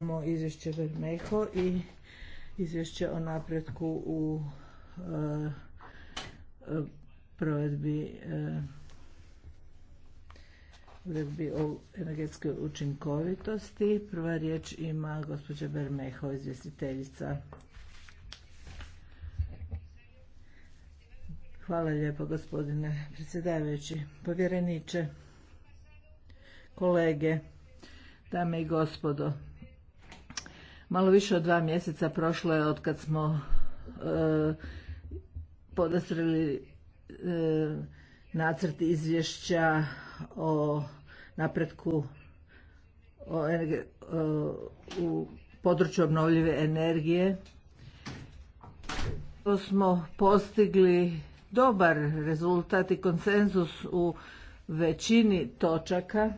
imamo izvješće Vermeho i izvješće o napretku u e, e, provedbi e, uredbi o energetskoj učinkovitosti. Prva riječ ima gospođa Bermeho, izvjestiteljica. Hvala lijepo gospodine predsjedavajući, povjereniče, kolege, dame i gospodo. Malo više od dva mjeseca prošlo je od kad smo e, podastrili e, nacrt izvješća o napretku e, u području obnovljive energije. To smo postigli dobar rezultat i konsenzus u većini točaka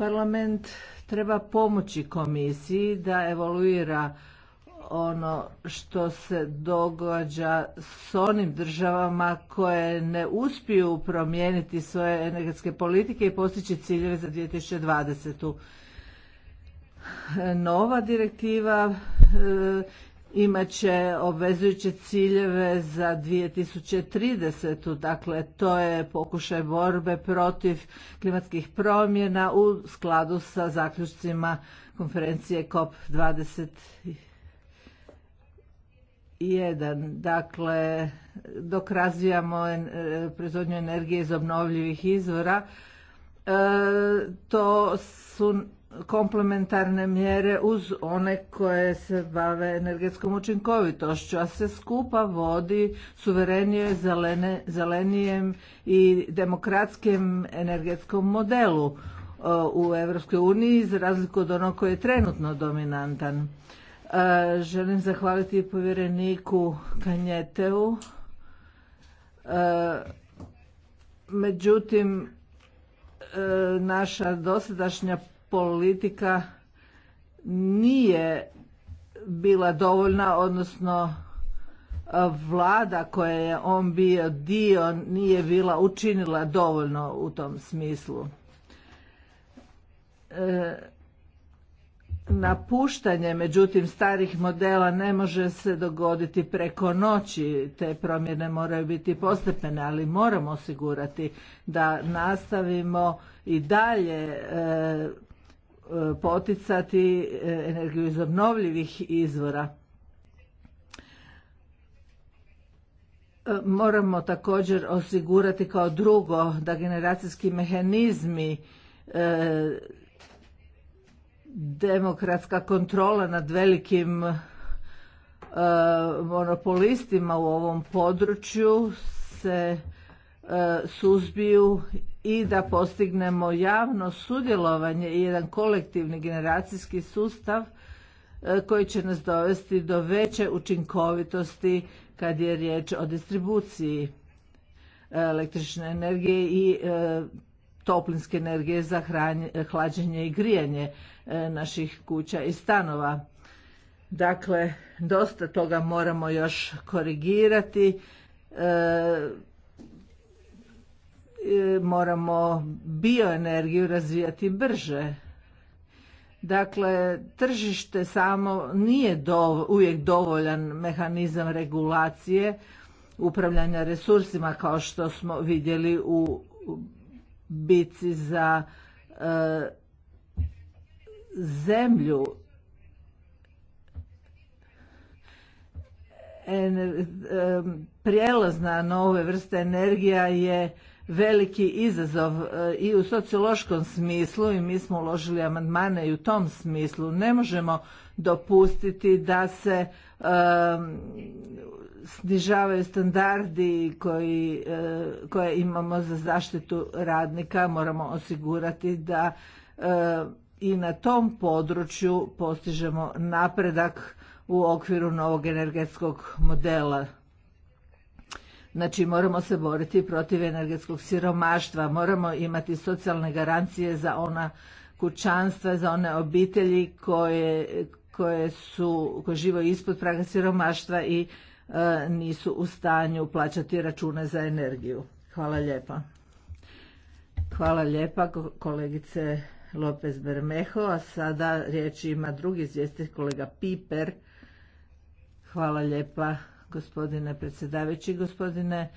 Parlament treba pomoći komisiji da evoluira ono što se događa s onim državama koje ne uspiju promijeniti svoje energetske politike i postići ciljeve za 2020. Nova direktiva e, imat će obvezujuće ciljeve za 2030. Dakle, to je pokušaj borbe protiv klimatskih promjena u skladu sa zaključcima konferencije COP21. Dakle, dok razvijamo e, proizvodnju energije iz obnovljivih izvora, e, to su komplementarne mjere uz one koje se bave energetskom učinkovitošću, a se skupa vodi suverenije, zelenijem i demokratskim energetskom modelu e, u Europskoj uniji za razliku od onog koji je trenutno dominantan. E, želim zahvaliti povjereniku Kanjeteu. E, međutim, naša dosadašnja politika nije bila dovoljna, odnosno vlada koja je on bio dio nije bila učinila dovoljno u tom smislu. E, napuštanje, međutim, starih modela ne može se dogoditi preko noći. Te promjene moraju biti postepene, ali moramo osigurati da nastavimo i dalje e, poticati eh, energiju iz obnovljivih izvora. Eh, moramo također osigurati kao drugo da generacijski mehanizmi eh, demokratska kontrola nad velikim monopolistima u ovom području se suzbiju i da postignemo javno sudjelovanje i jedan kolektivni generacijski sustav e, koji će nas dovesti do veće učinkovitosti kad je riječ o distribuciji e, električne energije i e, toplinske energije za hlađenje i grijanje naših kuća i stanova. Dakle, dosta toga moramo još korigirati. E, moramo bioenergiju razvijati brže. Dakle, tržište samo nije do, uvijek dovoljan mehanizam regulacije upravljanja resursima kao što smo vidjeli u bici za e, zemlju. Ener, prijelaz na nove vrste energija je veliki izazov e, i u sociološkom smislu i mi smo uložili amandmane i u tom smislu. Ne možemo dopustiti da se snižavaju standardi e, koje imamo za zaštitu radnika. Moramo osigurati da e, i na tom području postižemo napredak u okviru novog energetskog modela. Znači moramo se boriti protiv energetskog siromaštva, moramo imati socijalne garancije za ona kućanstva, za one obitelji koje, koje su, koje žive ispod praga siromaštva i e, nisu u stanju plaćati račune za energiju. Hvala lijepa. Hvala lijepa kolegice Lopez Bermeho, a sada riječ ima drugi izvjestitelj kolega Piper. Hvala lijepa gospodine predsjedavajući, gospodine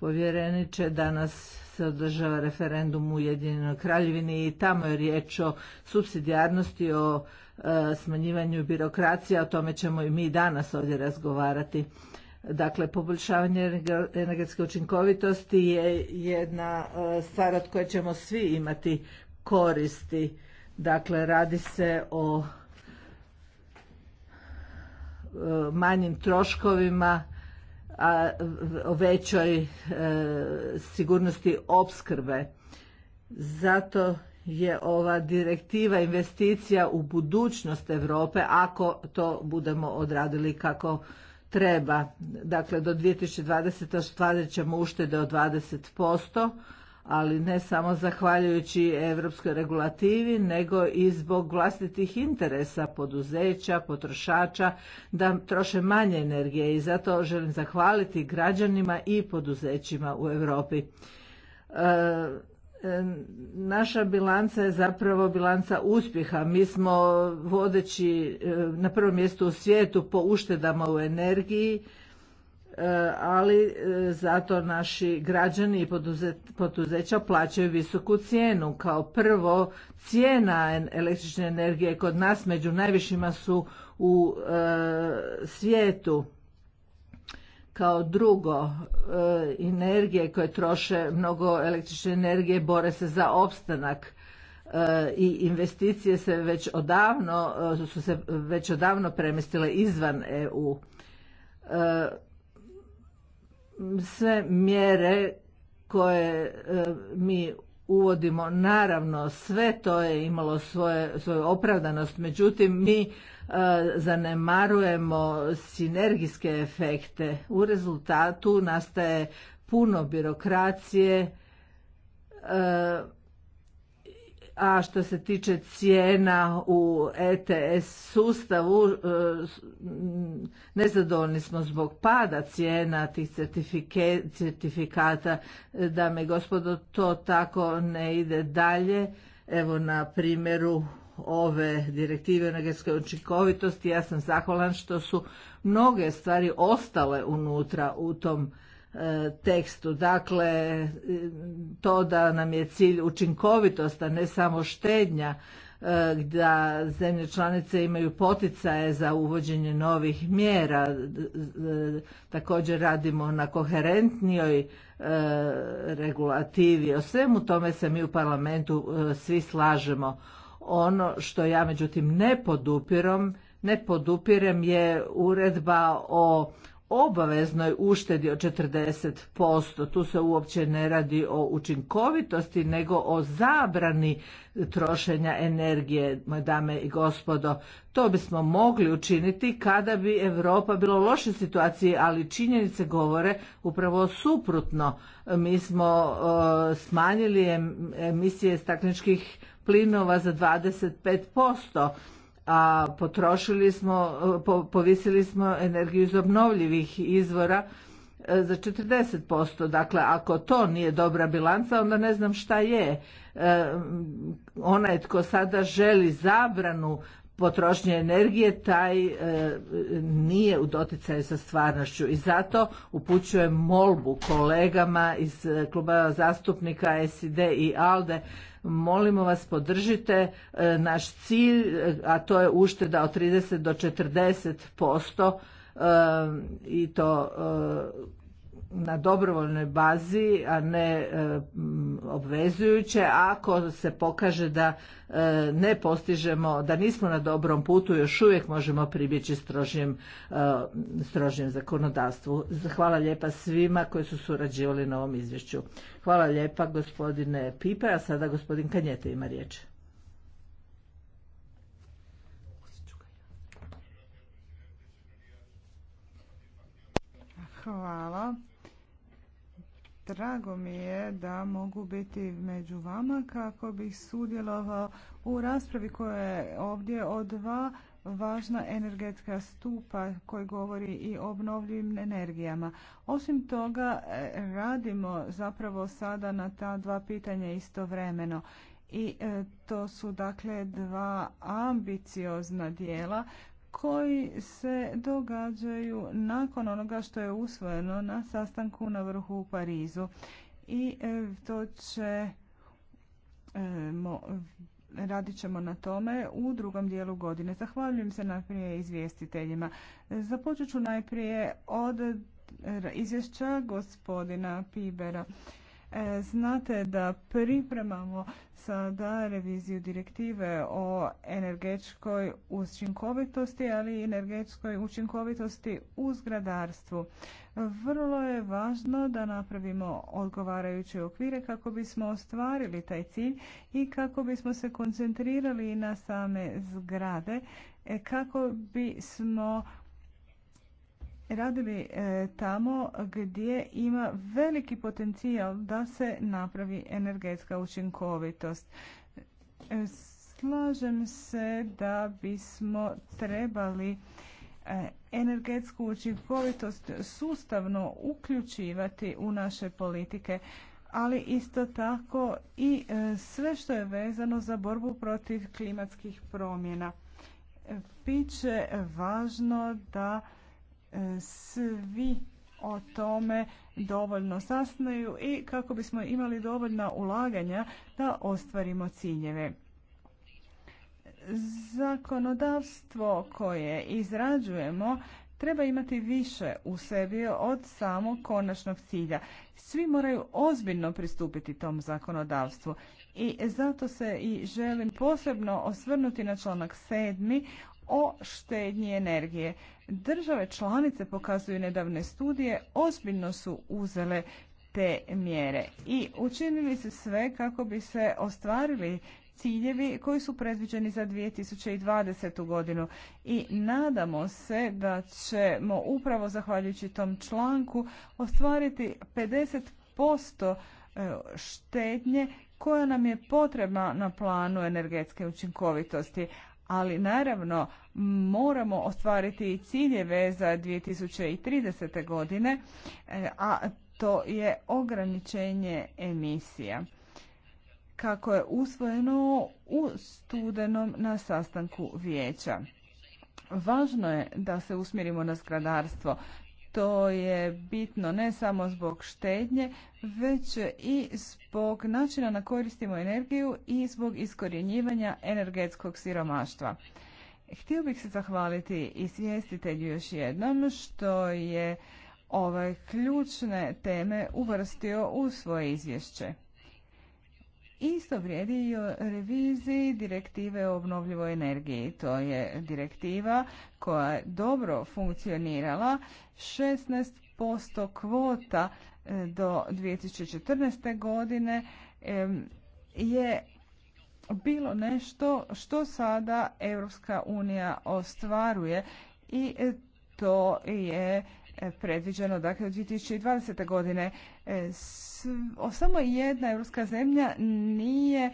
povjereniče. Danas se održava referendum u Ujedinjenoj kraljevini i tamo je riječ o subsidijarnosti, o e, smanjivanju birokracije, o tome ćemo i mi danas ovdje razgovarati. Dakle, poboljšavanje energetske učinkovitosti je jedna e, stvar od koje ćemo svi imati koristi. Dakle, radi se o E, manjim troškovima, a o većoj e, sigurnosti opskrbe. Zato je ova direktiva investicija u budućnost Europe ako to budemo odradili kako treba. Dakle, do 2020. stvarit ćemo uštede od 20%, ali ne samo zahvaljujući europskoj regulativi, nego i zbog vlastitih interesa poduzeća, potrošača, da troše manje energije i zato želim zahvaliti građanima i poduzećima u Europi. E, e, naša bilanca je zapravo bilanca uspjeha. Mi smo vodeći e, na prvom mjestu u svijetu po uštedama u energiji, Eh, ali eh, zato naši građani i poduzeća plaćaju visoku cijenu. Kao prvo, cijena električne energije kod nas među najvišima su u eh, svijetu. Kao drugo, energije koje troše mnogo električne energije bore se za opstanak i investicije se već odavno su se već odavno premjestile izvan EU sve mjere koje e, mi uvodimo naravno sve to je imalo svoje, svoju opravdanost međutim mi e, zanemarujemo sinergijske efekte u rezultatu nastaje puno birokracije e, a što se tiče cijena u ETS sustavu, e, nezadovoljni smo zbog pada cijena tih certifikata. Dame i gospodo, to tako ne ide dalje. Evo na primjeru ove direktive energetskoj učinkovitosti ja sam zahvalan što su mnoge stvari ostale unutra u tom tekstu. Dakle, to da nam je cilj učinkovitost, a ne samo štednja, e, da zemlje članice imaju poticaje za uvođenje novih mjera. E, također radimo na koherentnijoj e, regulativi. O svemu tome se mi u parlamentu svi slažemo. Ono što ja međutim ne podupiram, ne podupirem je uredba o obaveznoj uštedi od 40%. Tu se uopće ne radi o učinkovitosti, nego o zabrani trošenja energije, moje dame i gospodo. To bismo mogli učiniti kada bi Europa bila u lošoj situaciji, ali činjenice govore upravo suprotno. Mi smo e, smanjili emisije stakleničkih plinova za 25% a potrošili smo, povisili smo energiju iz obnovljivih izvora e, za 40%. Dakle, ako to nije dobra bilanca, onda ne znam šta je. E, onaj tko sada želi zabranu potrošnje energije, taj e, nije u doticaju sa stvarnošću. I zato upućujem molbu kolegama iz kluba zastupnika SID i ALDE Molimo vas podržite e, naš cilj, a to je ušteda od 30 do 40 posto e, i to e, na dobrovoljnoj bazi, a ne obvezujuće ako se pokaže da e, ne postižemo, da nismo na dobrom putu, još uvijek možemo pribjeći strožnjem, e, strožnjem zakonodavstvu. Hvala lijepa svima koji su surađivali na ovom izvješću. Hvala lijepa gospodine Pipe, a sada gospodin Kanjete ima riječ. Hvala. Drago mi je da mogu biti među vama kako bih sudjelovao u raspravi koja je ovdje o dva važna energetska stupa koji govori i o obnovljivim energijama. Osim toga, e, radimo zapravo sada na ta dva pitanja istovremeno. I e, to su dakle dva ambiciozna dijela koji se događaju nakon onoga što je usvojeno na sastanku na vrhu u Parizu. I e, to će e, radit ćemo na tome u drugom dijelu godine. Zahvaljujem se najprije izvjestiteljima. Započet ću najprije od e, izvješća gospodina Pibera. E, znate da pripremamo sada reviziju direktive o energetskoj učinkovitosti, ali i energetskoj učinkovitosti u zgradarstvu. Vrlo je važno da napravimo odgovarajuće okvire kako bismo ostvarili taj cilj i kako bismo se koncentrirali na same zgrade e, kako bismo radili e, tamo gdje ima veliki potencijal da se napravi energetska učinkovitost. E, slažem se da bismo trebali e, energetsku učinkovitost sustavno uključivati u naše politike, ali isto tako i sve što je vezano za borbu protiv klimatskih promjena. Biće važno da E, svi o tome dovoljno sasnaju i kako bismo imali dovoljna ulaganja da ostvarimo ciljeve. Zakonodavstvo koje izrađujemo treba imati više u sebi od samog konačnog cilja. Svi moraju ozbiljno pristupiti tom zakonodavstvu i zato se i želim posebno osvrnuti na članak sedmi o štednji energije. Države članice pokazuju nedavne studije, ozbiljno su uzele te mjere i učinili su sve kako bi se ostvarili ciljevi koji su predviđeni za 2020. godinu i nadamo se da ćemo upravo zahvaljujući tom članku ostvariti 50% e, štednje koja nam je potrebna na planu energetske učinkovitosti, ali naravno moramo ostvariti i ciljeve za 2030. godine, e, a to je ograničenje emisija kako je usvojeno u studenom na sastanku vijeća. Važno je da se usmjerimo na skradarstvo. To je bitno ne samo zbog štednje, već i zbog načina na koristimo energiju i zbog iskorjenjivanja energetskog siromaštva. Htio bih se zahvaliti i svjestitelju još jednom što je ove ključne teme uvrstio u svoje izvješće. Isto vrijedi i o reviziji direktive o obnovljivoj energiji. To je direktiva koja je dobro funkcionirala. 16% kvota e, do 2014. godine je bilo nešto što sada Europska unija ostvaruje i to je E, predviđeno dakle od 2020. godine. E, samo jedna europska zemlja nije e,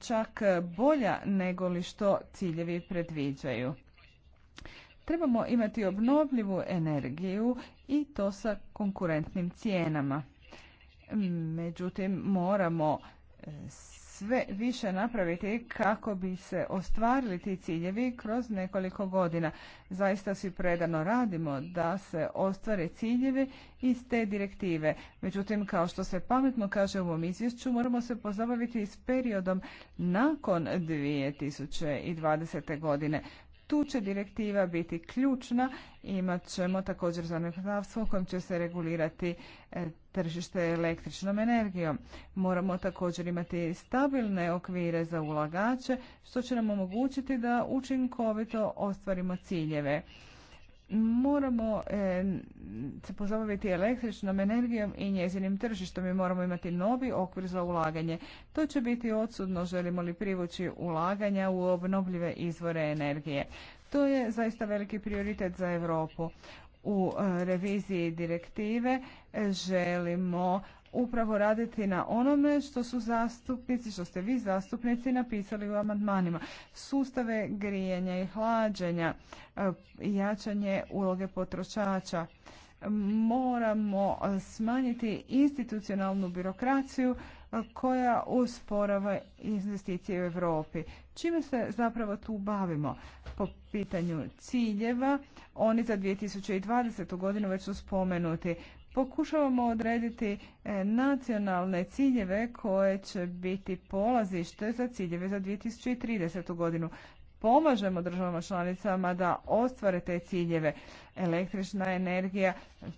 čak bolja nego li što ciljevi predviđaju. Trebamo imati obnovljivu energiju i to sa konkurentnim cijenama. Međutim, moramo sve više napraviti kako bi se ostvarili ti ciljevi kroz nekoliko godina. Zaista svi predano radimo da se ostvare ciljevi iz te direktive. Međutim, kao što se pametno kaže u ovom izvješću, moramo se pozabaviti s periodom nakon 2020. godine. Tu će direktiva biti ključna. Imat ćemo također zakonodavstvo kojim će se regulirati e, tržište električnom energijom. Moramo također imati stabilne okvire za ulagače što će nam omogućiti da učinkovito ostvarimo ciljeve moramo se pozabaviti električnom energijom i njezinim tržištom i moramo imati novi okvir za ulaganje. To će biti odsudno želimo li privući ulaganja u obnovljive izvore energije. To je zaista veliki prioritet za Europu. U eh, reviziji direktive eh, želimo upravo raditi na onome što su zastupnici, što ste vi zastupnici napisali u amandmanima. Sustave grijenja i hlađenja, e, jačanje uloge potrošača. Moramo e, smanjiti institucionalnu birokraciju e, koja usporava investicije u Europi. Čime se zapravo tu bavimo? Po pitanju ciljeva, oni za 2020. godinu već su spomenuti pokušavamo odrediti e, nacionalne ciljeve koje će biti polazište za ciljeve za 2030. godinu. Pomažemo državama članicama da ostvare te ciljeve. Električna energija,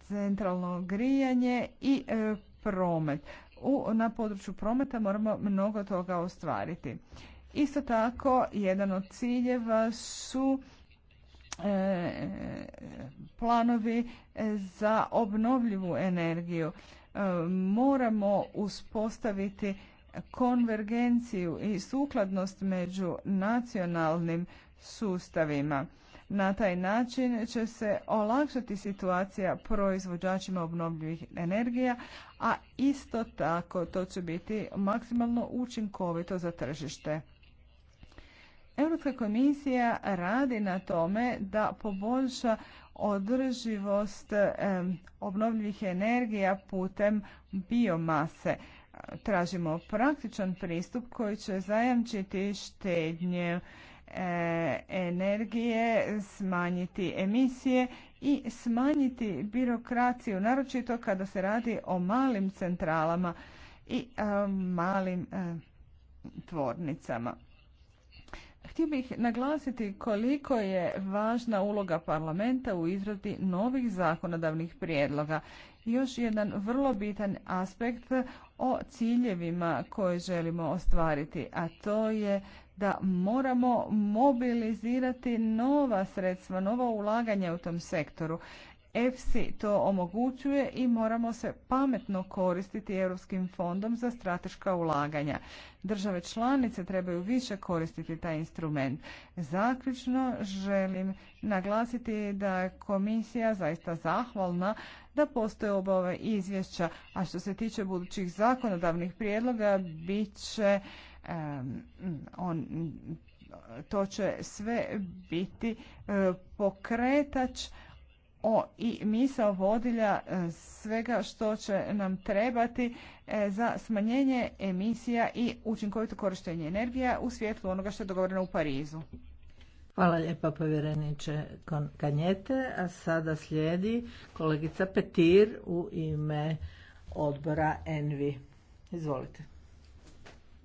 centralno grijanje i e, promet. U, na području prometa moramo mnogo toga ostvariti. Isto tako, jedan od ciljeva su E, planovi e, za obnovljivu energiju. E, moramo uspostaviti konvergenciju i sukladnost među nacionalnim sustavima. Na taj način će se olakšati situacija proizvođačima obnovljivih energija, a isto tako to će biti maksimalno učinkovito za tržište. Europska komisija radi na tome da poboljša održivost obnovljivih energija putem biomase. Tražimo praktičan pristup koji će zajamčiti štednje e, energije, smanjiti emisije i smanjiti birokraciju, naročito kada se radi o malim centralama i malim tvornicama. Htio bih naglasiti koliko je važna uloga parlamenta u izradi novih zakonodavnih prijedloga. Još jedan vrlo bitan aspekt o ciljevima koje želimo ostvariti, a to je da moramo mobilizirati nova sredstva, nova ulaganja u tom sektoru. EFSI to omogućuje i moramo se pametno koristiti Europskim fondom za strateška ulaganja. Države članice trebaju više koristiti taj instrument. Zaključno želim naglasiti da je komisija zaista zahvalna da postoje obave izvješća, a što se tiče budućih zakonodavnih prijedloga bit će on, to će sve biti uh, pokretač o, i misao vodilja e, svega što će nam trebati e, za smanjenje emisija i učinkovito korištenje energija u svjetlu onoga što je dogovoreno u Parizu. Hvala lijepa povjereniče Kanjete, a sada slijedi kolegica Petir u ime odbora Envi. Izvolite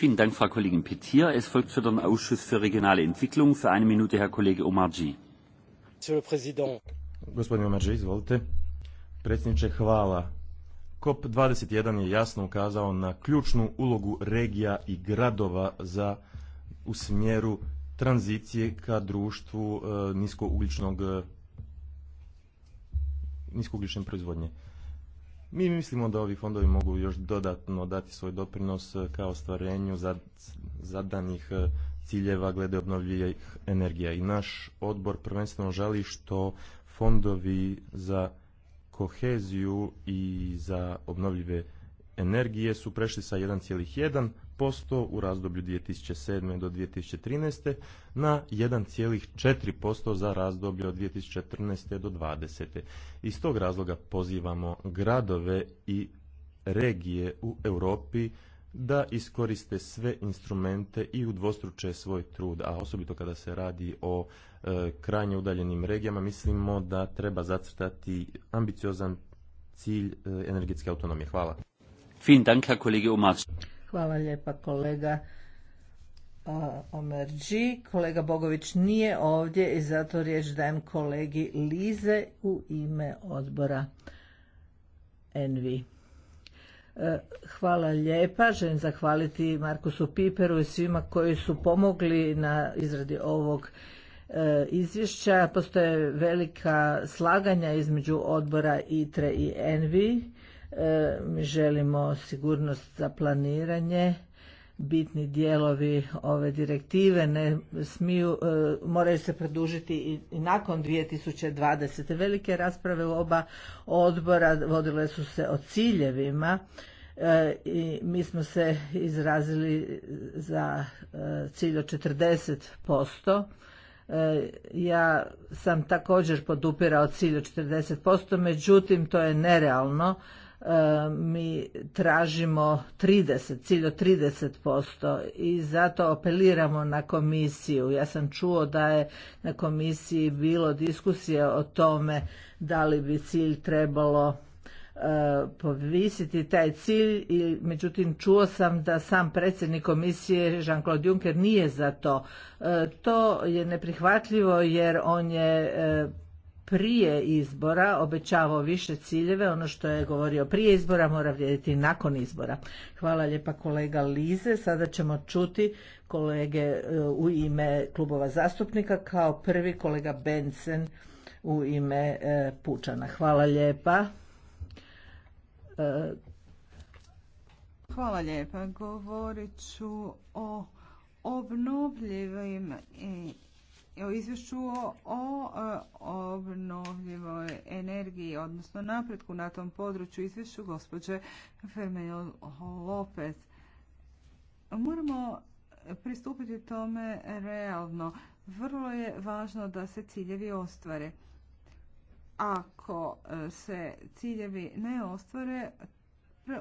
Vielen Dank, Frau Kollegin Petir. Es folgt für den Ausschuss für regionale Entwicklung. Für eine Minute Herr Kollege Omarji. Gospodin Omarji, izvolite. Predsjedniče, hvala. COP21 je jasno ukazao na ključnu ulogu regija i gradova za u smjeru tranzicije ka društvu e, eh, niskougličnog eh, niskouglične proizvodnje. Mi mislimo da ovi fondovi mogu još dodatno dati svoj doprinos e, kao ostvarenju zadanih e, ciljeva glede obnovljivih energija. I naš odbor prvenstveno žali što fondovi za koheziju i za obnovljive energije su prešli sa 1,1 posto u razdoblju 2007. do 2013. na 1,4% za razdoblje od 2014. do 2020. Iz tog razloga pozivamo gradove i regije u Europi da iskoriste sve instrumente i udvostruče svoj trud, a osobito kada se radi o e, krajnje udaljenim regijama, mislimo da treba zacrtati ambiciozan cilj e, energetske autonomije. Hvala. Vielen Hvala lijepa kolega Omerđi. Kolega Bogović nije ovdje i zato riječ dajem kolegi Lize u ime odbora Envi. Hvala lijepa. Želim zahvaliti Markusu Piperu i svima koji su pomogli na izradi ovog e, izvješća. Postoje velika slaganja između odbora ITRE i ENVI E, mi želimo sigurnost za planiranje bitni dijelovi ove direktive ne smiju e, moraju se produžiti i, nakon 2020. Velike rasprave u oba odbora vodile su se o ciljevima e, i mi smo se izrazili za cilj od 40%. Ja sam također podupirao cilj od 40%, međutim to je nerealno E, mi tražimo 30, cilj od 30% i zato apeliramo na komisiju. Ja sam čuo da je na komisiji bilo diskusije o tome da li bi cilj trebalo e, povisiti taj cilj i međutim čuo sam da sam predsjednik komisije Jean-Claude Juncker nije za to. E, to je neprihvatljivo jer on je prije izbora obećavao više ciljeve, ono što je govorio prije izbora mora vrijediti nakon izbora. Hvala lijepa kolega Lize, sada ćemo čuti kolege e, u ime klubova zastupnika kao prvi kolega Bensen u ime e, Pučana. Hvala lijepa. E, Hvala lijepa. Govorit ću o obnovljivim o izvješću o e, obnovljivoj energiji, odnosno napretku na tom području izvješću gospođe Fermeo Lopez. Moramo pristupiti tome realno. Vrlo je važno da se ciljevi ostvare. Ako e, se ciljevi ne ostvare,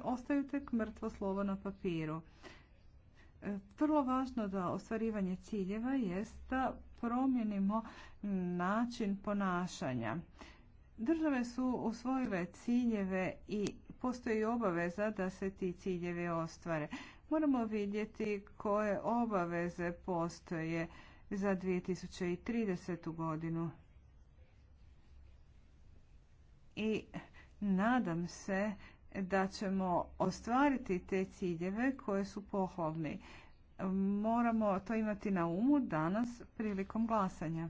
ostaju tek mrtvo slovo na papiru. E, vrlo važno da ostvarivanje ciljeva jest da promijenimo način ponašanja. Države su usvojile ciljeve i postoji obaveza da se ti ciljevi ostvare. Moramo vidjeti koje obaveze postoje za 2030. godinu. I nadam se da ćemo ostvariti te ciljeve koje su pohvalni moramo to imati na umu danas prilikom glasanja.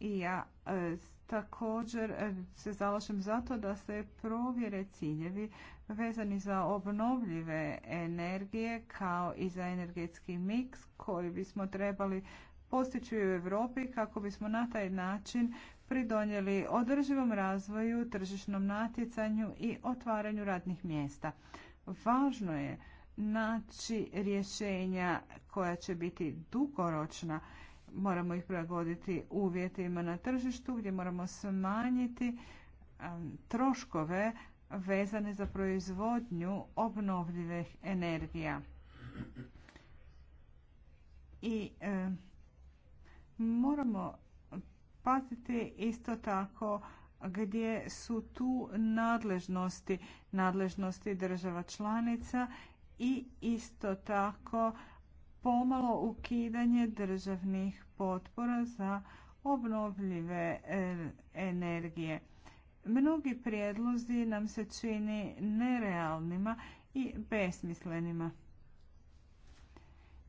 I ja e, također e, se zalažem za to da se provjere ciljevi vezani za obnovljive energije kao i za energetski miks koji bismo trebali postići u Europi kako bismo na taj način pridonijeli održivom razvoju, tržišnom natjecanju i otvaranju radnih mjesta. Važno je naći rješenja koja će biti dugoročna. Moramo ih prilagoditi uvjetima na tržištu gdje moramo smanjiti um, troškove vezane za proizvodnju obnovljivih energija. I um, moramo paziti isto tako gdje su tu nadležnosti, nadležnosti država članica i isto tako pomalo ukidanje državnih potpora za obnovljive e, energije. Mnogi prijedlozi nam se čini nerealnima i besmislenima.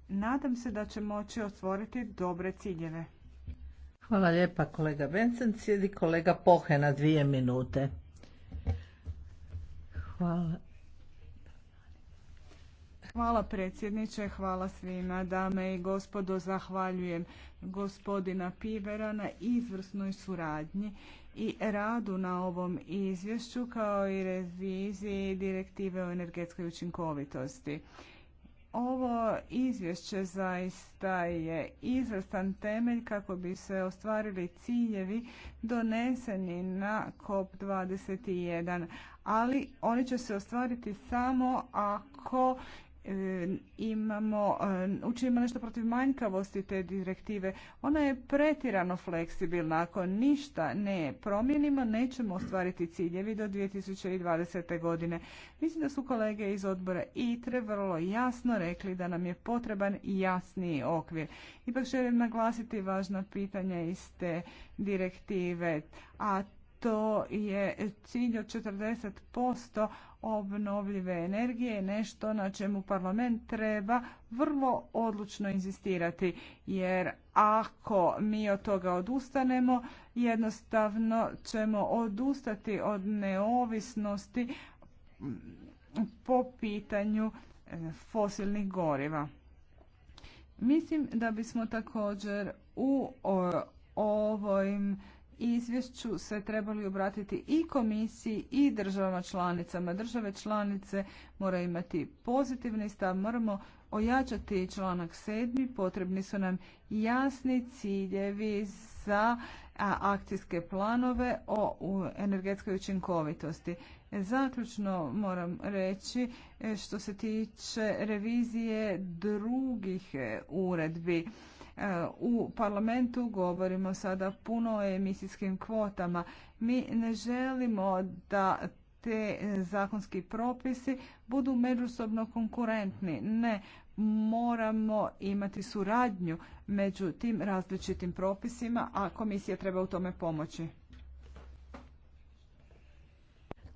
Nadam se da će moći otvoriti dobre ciljeve. Hvala lijepa kolega Benson. Sjedi kolega Pohe na dvije minute. Hvala. Hvala predsjedniče, hvala svima dame i gospodo, zahvaljujem gospodina Pivera na izvrsnoj suradnji i radu na ovom izvješću kao i reviziji direktive o energetskoj učinkovitosti. Ovo izvješće zaista je izvrstan temelj kako bi se ostvarili ciljevi doneseni na COP21, ali oni će se ostvariti samo ako imamo, e, učinimo nešto protiv manjkavosti te direktive. Ona je pretirano fleksibilna. Ako ništa ne promijenimo, nećemo ostvariti ciljevi do 2020. godine. Mislim da su kolege iz odbora ITRE vrlo jasno rekli da nam je potreban jasniji okvir. Ipak želim naglasiti važna pitanja iz te direktive, a to je cilj od 40% obnovljive energije, nešto na čemu parlament treba vrlo odlučno inzistirati, jer ako mi od toga odustanemo, jednostavno ćemo odustati od neovisnosti po pitanju e, fosilnih goriva. Mislim da bismo također u ovim izvješću se trebali obratiti i komisiji i državama članicama. Države članice moraju imati pozitivni stav, moramo ojačati članak 7. Potrebni su nam jasni ciljevi za akcijske planove o energetskoj učinkovitosti. Zaključno moram reći e, što se tiče revizije drugih e, uredbi. U parlamentu govorimo sada puno o emisijskim kvotama. Mi ne želimo da te zakonski propisi budu međusobno konkurentni. Ne, moramo imati suradnju među tim različitim propisima, a komisija treba u tome pomoći.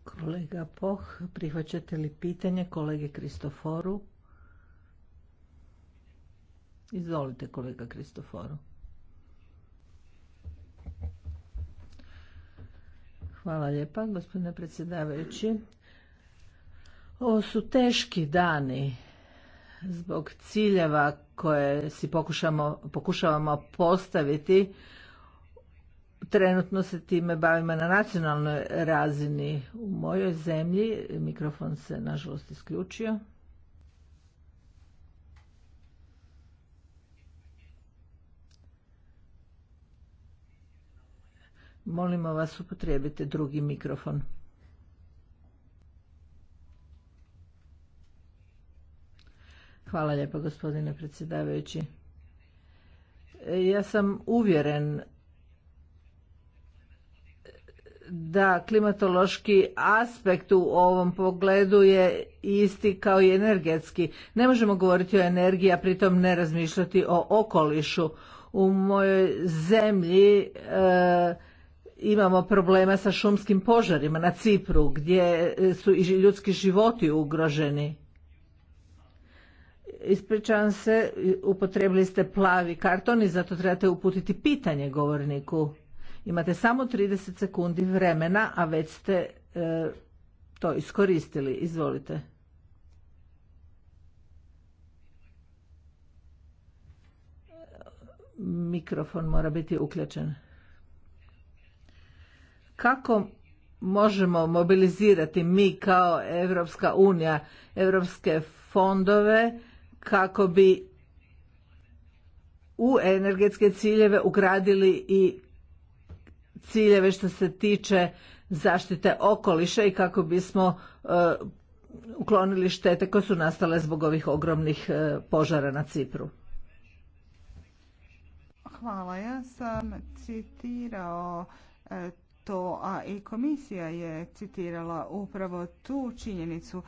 Kolega Poh, prihvaćate li pitanje kolege Kristoforu? Izvolite kolega Kristoforu. Hvala lijepa gospodine predsjedavajući. Ovo su teški dani zbog ciljeva koje si pokušamo, pokušavamo postaviti. Trenutno se time bavimo na nacionalnoj razini u mojoj zemlji. Mikrofon se nažalost isključio. Molimo vas upotrijebite drugi mikrofon. Hvala lijepo, gospodine predsjedavajući. Ja sam uvjeren da klimatološki aspekt u ovom pogledu je isti kao i energetski. Ne možemo govoriti o energiji, a pritom ne razmišljati o okolišu. U mojoj zemlji e, imamo problema sa šumskim požarima na Cipru gdje e, su i ljudski životi ugroženi. Ispričavam se, upotrebili ste plavi karton i zato trebate uputiti pitanje govorniku. Imate samo 30 sekundi vremena, a već ste e, to iskoristili. Izvolite. Mikrofon mora biti uključen kako možemo mobilizirati mi kao Europska unija, europske fondove kako bi u energetske ciljeve ugradili i ciljeve što se tiče zaštite okoliša i kako bismo e, uklonili štete koje su nastale zbog ovih ogromnih e, požara na Cipru. Hvala. Ja sam citirao e, to, a i komisija je citirala upravo tu činjenicu.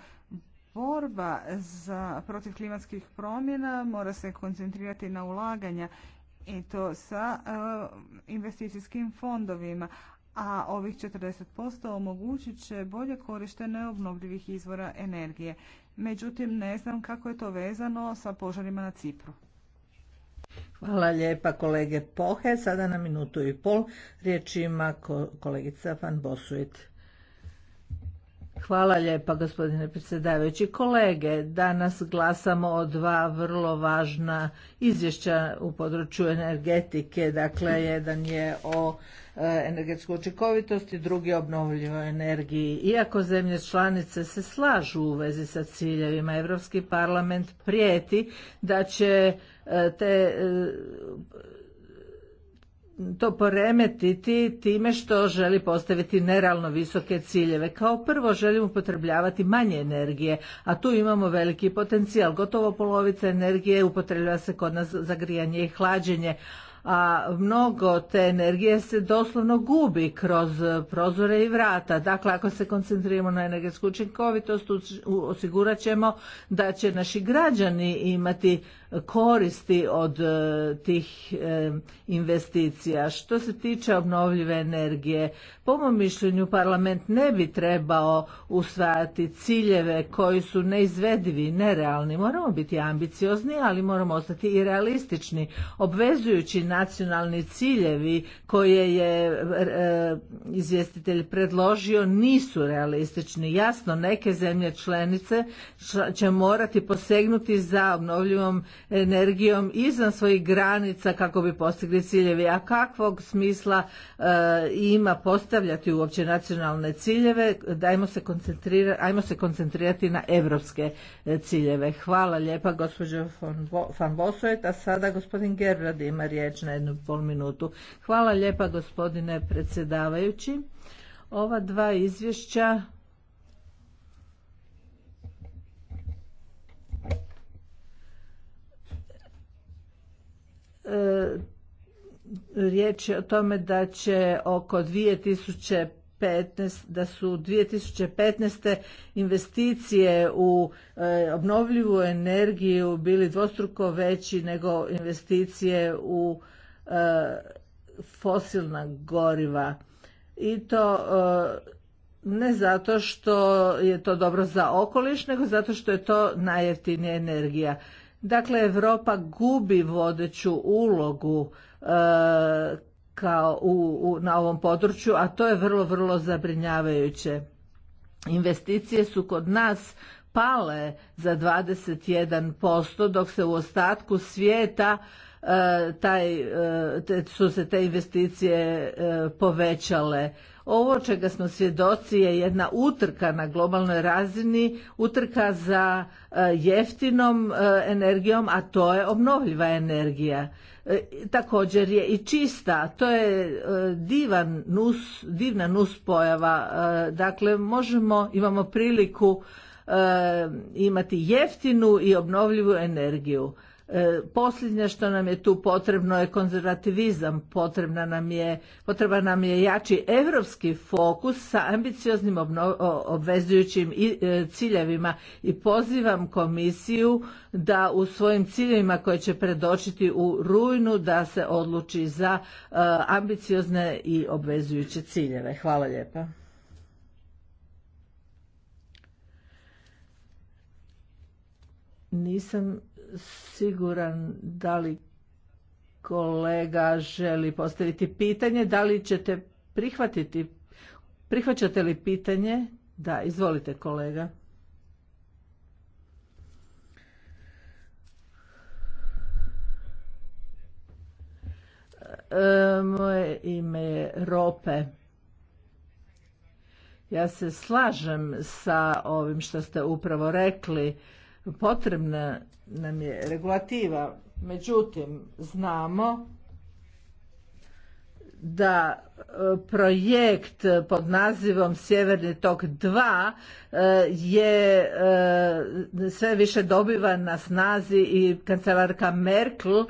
Borba za, protiv klimatskih promjena mora se koncentrirati na ulaganja i to sa e, investicijskim fondovima, a ovih 40% omogućit će bolje korištenje obnovljivih izvora energije. Međutim, ne znam kako je to vezano sa požarima na Cipru. Hvala lijepa kolege Pohe. Sada na minutu i pol riječ ima kolegica Van Bosuit. Hvala lijepa gospodine predsjedavajući kolege. Danas glasamo o dva vrlo važna izvješća u području energetike. Dakle, jedan je o E, energetsku učinkovitost i drugi obnovljivoj energiji. Iako zemlje članice se slažu u vezi sa ciljevima, Europski parlament prijeti da će e, te e, to poremetiti time što želi postaviti neralno visoke ciljeve. Kao prvo želimo upotrebljavati manje energije, a tu imamo veliki potencijal. Gotovo polovica energije upotrebljava se kod nas za grijanje i hlađenje, a mnogo te energije se doslovno gubi kroz prozore i vrata. Dakle, ako se koncentriramo na energetsku učinkovitost, osigurat ćemo da će naši građani imati koristi od e, tih e, investicija. Što se tiče obnovljive energije, po mom mišljenju parlament ne bi trebao usvajati ciljeve koji su neizvedivi, nerealni. Moramo biti ambiciozni, ali moramo ostati i realistični. Obvezujući nacionalni ciljevi koje je e, izvjestitelj predložio nisu realistični. Jasno, neke zemlje članice će morati posegnuti za obnovljivom energijom izvan svojih granica kako bi postigli ciljeve. A kakvog smisla e, ima postavljati uopće nacionalne ciljeve? Dajmo se koncentrirati, ajmo se koncentrirati na evropske e, ciljeve. Hvala lijepa gospođo Van Bosoet, a sada gospodin Gerbrad ima riječ na jednu pol minutu. Hvala lijepa gospodine predsjedavajući. Ova dva izvješća E, riječ je o tome da će oko 2015 da su 2015. investicije u e, obnovljivu energiju bili dvostruko veći nego investicije u e, fosilna goriva i to ne zato što je to dobro za okoliš, nego zato što je to najjeftinija energija. Dakle, Europa gubi vodeću ulogu e, kao u, na ovom području, a to je vrlo, vrlo zabrinjavajuće. Investicije su kod nas pale za 21%, dok se u ostatku svijeta e, taj, e, te, su se te investicije povećale ovo čega smo svjedoci je jedna utrka na globalnoj razini, utrka za e, jeftinom e, energijom, a to je obnovljiva energija. E, također je i čista, to je divan nus, divna pojava. dakle možemo, imamo priliku imati jeftinu i obnovljivu energiju. E, posljednje što nam je tu potrebno je konzervativizam, Potrebna nam je, potreba nam je jači europski fokus sa ambicioznim obvezujućim e, ciljevima i pozivam komisiju da u svojim ciljevima koje će predočiti u rujnu da se odluči za e, ambiciozne i obvezujuće ciljeve. Hvala lijepa. Nisam siguran da li kolega želi postaviti pitanje. Da li ćete prihvatiti, prihvaćate li pitanje? Da, izvolite kolega. E, moje ime je Rope. Ja se slažem sa ovim što ste upravo rekli potrebna nam je regulativa. Međutim, znamo da e, projekt pod nazivom Sjeverni tok 2 e, je e, sve više dobiva na snazi i kancelarka Merkel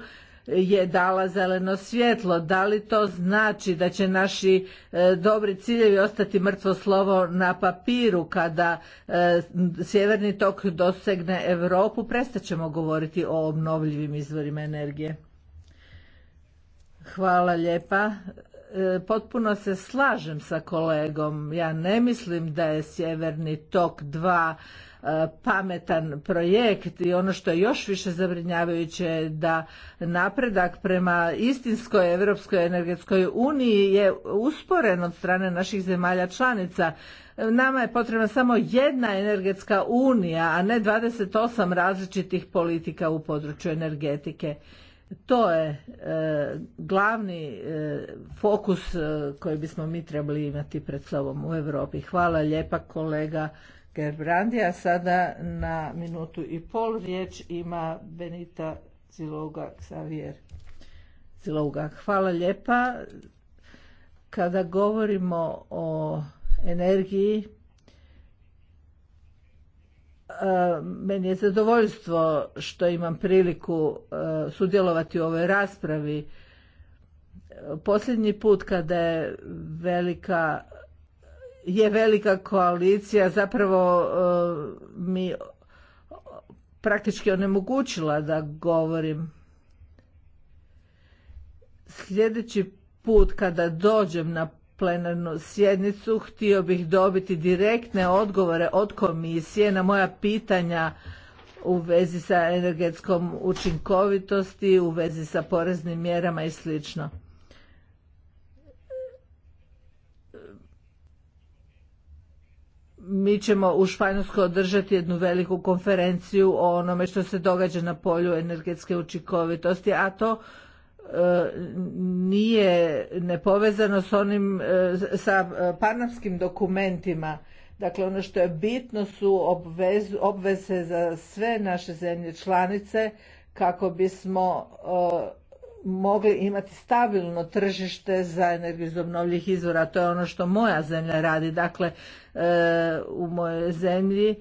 je dala zeleno svjetlo. Da li to znači da će naši e, dobri ciljevi ostati mrtvo slovo na papiru kada e, sjeverni tok dosegne Europu, ćemo govoriti o obnovljivim izvorima energije. Hvala lijepa. E, potpuno se slažem sa kolegom. Ja ne mislim da je sjeverni tok dva pametan projekt i ono što je još više zabrinjavajuće je da napredak prema istinskoj Europskoj energetskoj uniji je usporen od strane naših zemalja članica. Nama je potrebna samo jedna energetska unija, a ne 28 različitih politika u području energetike. To je e, glavni e, fokus e, koji bismo mi trebali imati pred sobom u Europi. Hvala lijepa kolega Gerbrandi, a sada na minutu i pol riječ ima Benita Zilouga Xavier. Zilouga, hvala lijepa. Kada govorimo o energiji, e, meni je zadovoljstvo što imam priliku e, sudjelovati u ovoj raspravi. Posljednji put kada je velika je velika koalicija zapravo e, mi praktički onemogućila da govorim. Sljedeći put kada dođem na plenarnu sjednicu htio bih dobiti direktne odgovore od komisije na moja pitanja u vezi sa energetskom učinkovitosti, u vezi sa poreznim mjerama i slično. mi ćemo u Španjolskoj održati jednu veliku konferenciju o onome što se događa na polju energetske učinkovitosti, a to e, nije nepovezano s onim e, sa e, panamskim dokumentima. Dakle, ono što je bitno su obveze za sve naše zemlje članice kako bismo mogli imati stabilno tržište za energiju iz obnovljivih izvora. To je ono što moja zemlja radi. Dakle, e, u mojoj zemlji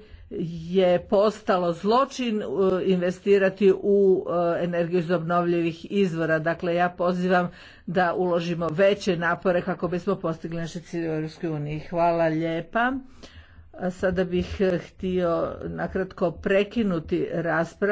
je postalo zločin e, investirati u e, energiju iz obnovljivih izvora. Dakle, ja pozivam da uložimo veće napore kako bismo postigli naše cilje u EU. Hvala lijepa. Sada bih htio nakratko prekinuti raspravu.